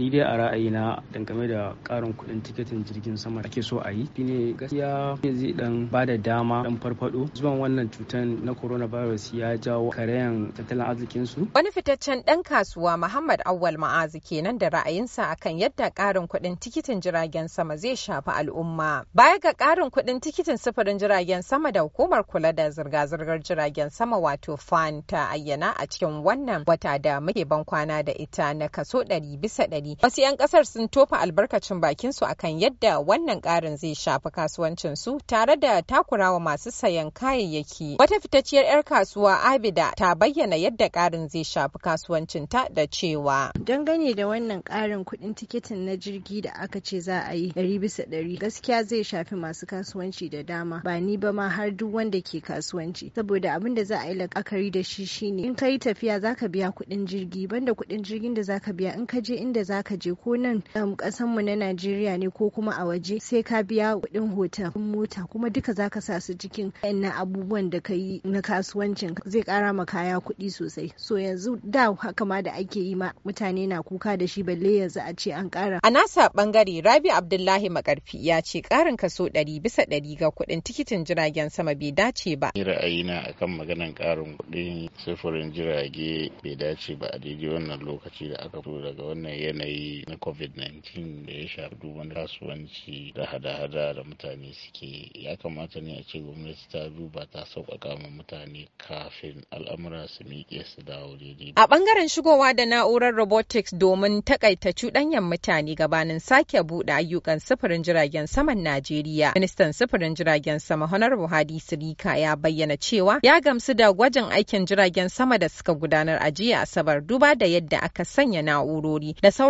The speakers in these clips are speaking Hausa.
ni dai a ra'ayina dangane da karin kuɗin tiketin jirgin sama ake so a yi shine gaskiya zai dan ba da dama dan farfado zuwan wannan cutar na coronavirus ya jawo karayan tattalin arzikin su wani fitaccen dan kasuwa Muhammad Awwal Ma'azi kenan da ra'ayinsa akan yadda karin kuɗin tikitin jiragen sama zai shafi al'umma baya ga karin kuɗin tikitin sufurin jiragen sama da hukumar kula da zirga-zirgar jiragen sama wato fan ta ayyana a cikin wannan wata da muke ban kwana da ita na kaso ɗari bisa ɗari hankali wasu 'yan kasar sun tofa albarkacin bakin su akan yadda wannan ƙarin zai shafi kasuwancin su tare da takurawa masu sayan kayayyaki wata fitacciyar 'yar kasuwa abida ta bayyana yadda karin zai shafi kasuwancin ta da cewa dangane da wannan ƙarin kuɗin tiketin na jirgi da aka ce za a yi ɗari bisa ɗari gaskiya zai shafi masu kasuwanci da dama ba ni ba ma har duk wanda ke kasuwanci saboda abin da za a yi la'akari da shi shine in ka yi tafiya za ka biya kuɗin jirgi banda kuɗin jirgin da za ka biya in ka je inda za zaka je ko nan kasan um, mu na Najeriya ne ko kuma a waje sai ka biya kudin hotel mota kuma duka zaka sa su cikin na abubuwan da ka yi na kasuwancin zai kara ma kaya kuɗi sosai so yanzu da haka ma da ake yi ma mutane na kuka da shi balle yanzu a ce an kara. A nasa bangare Rabi Abdullahi Makarfi ya ce karin kaso ɗari bisa ɗari ga kuɗin tikitin jiragen sama bai dace ba. Ni ra'ayina akan maganan karin kuɗin sufurin jirage bai dace ba a daidai wannan lokaci da aka fito daga wannan yanayi na na covid-19 da ya shafi duban kasuwanci da hada-hada da mutane suke ya kamata ne a ce gwamnati ta duba ta sauƙaƙa ma mutane kafin al'amura su miƙe su dawo daidai. A ɓangaren shigowa da na'urar robotics domin takaita cuɗanyan mutane gabanin sake buɗe ayyukan sufurin jiragen saman Najeriya. Ministan sufurin jiragen sama honar buhari Sirika ya bayyana cewa ya gamsu da gwajin aikin jiragen sama da suka gudanar a jiya Asabar duba da yadda aka sanya na'urori da sauran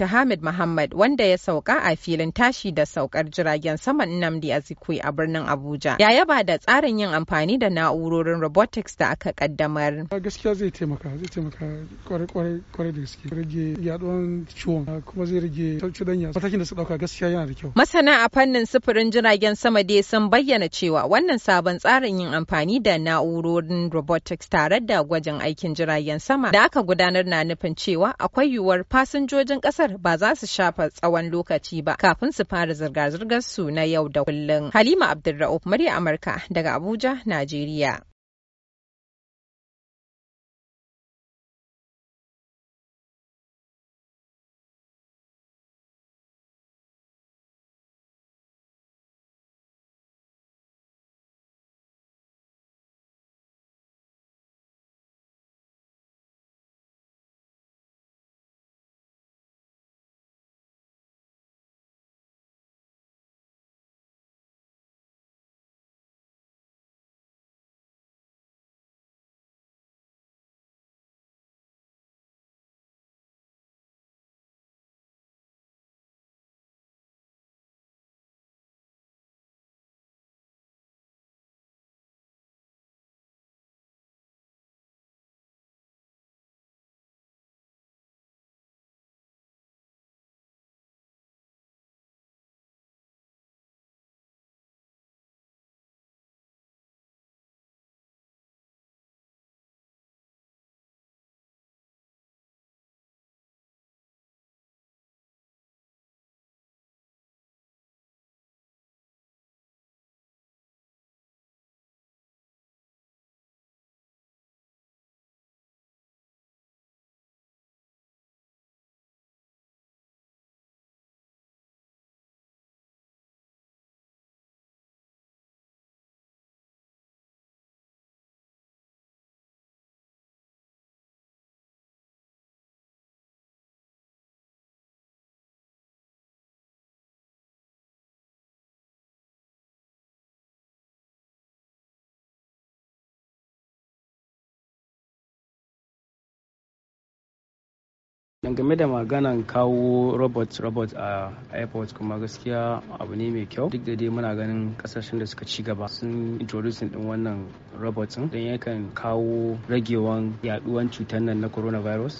Dr. Hamid Muhammad wanda ya sauka a filin tashi da saukar jiragen saman Nnamdi Azikwe a birnin Abuja. Ya yaba da tsarin yin amfani da na'urorin robotics da aka kaddamar. Gaskiya zai taimaka, zai taimaka kwarai da gaske. Rage yaduwan ciwon kuma zai rage danya. Matakin da su dauka gaskiya yana da kyau. Masana a fannin sufurin jiragen sama dai sun bayyana cewa wannan sabon tsarin yin amfani da na'urorin robotics tare da gwajin aikin jiragen sama da aka gudanar na nufin cewa akwai yiwuwar fasinjojin kasar kasar ba za su shafa tsawon lokaci ba kafin su fara zirga-zirgar su na yau da kullum. Halima Abdulra'uf murya Amurka daga Abuja, Najeriya. game da maganan kawo robot robot a airport kuma gaskiya abu ne mai kyau duk da dai muna ganin kasashen da suka ci gaba sun introducing din wannan robot don yakan kawo ragewan yaduwan cutar nan na coronavirus